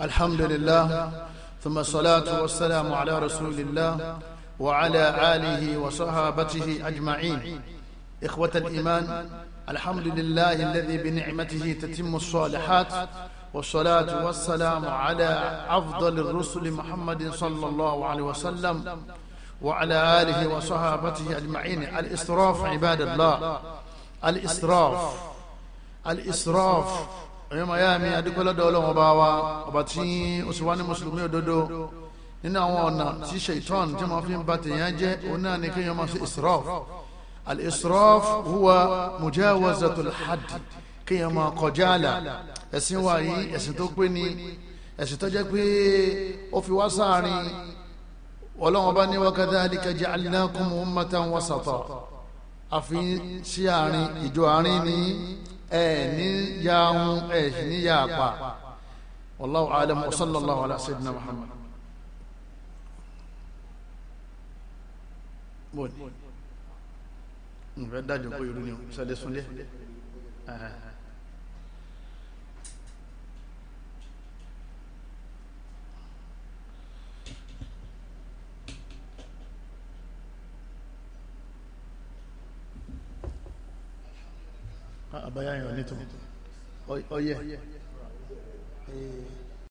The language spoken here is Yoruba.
الحمد لله ثم الصلاة والسلام على رسول الله وعلى آله وصحابته أجمعين إخوة الإيمان الحمد لله الذي بنعمته تتم الصالحات والصلاة والسلام على أفضل الرسل محمد صلى الله عليه وسلم وعلى آله وصحابته أجمعين الإسراف عباد الله الإسراف الإسراف ẹ̀yin máa yá mi adúgbòlódò ọlọ́run ọba wa ọba tí ó sì wá ní mùsùlùmí òdodo nínú àwọn ọ̀nà tí ṣèitán tí wọ́n fi ń ba tèèyàn jẹ́ òun náà ni kéèyàn máa ṣe israf al-israf huwa mujawazatul hadd kéèyàn máa kọjá àlà ẹ̀sìn wa yìí ẹ̀sìn tó pé ni ẹ̀sìn tó jẹ́ pé ó fi wá sáàrin ọlọ́run ọba ní wa kadhalika ja'alnakum ummatan wasata àfi sí àárín ìjọ àárín ni ẹ ní ya ahun ẹ sì ní ya àpá wallahu alam wa sallallahu ala sayyidina muhammad bóni nfẹ dájú kó yorùbá ni sọdẹ sunlẹ. Ah, àbáyá oh nítò ọyẹ́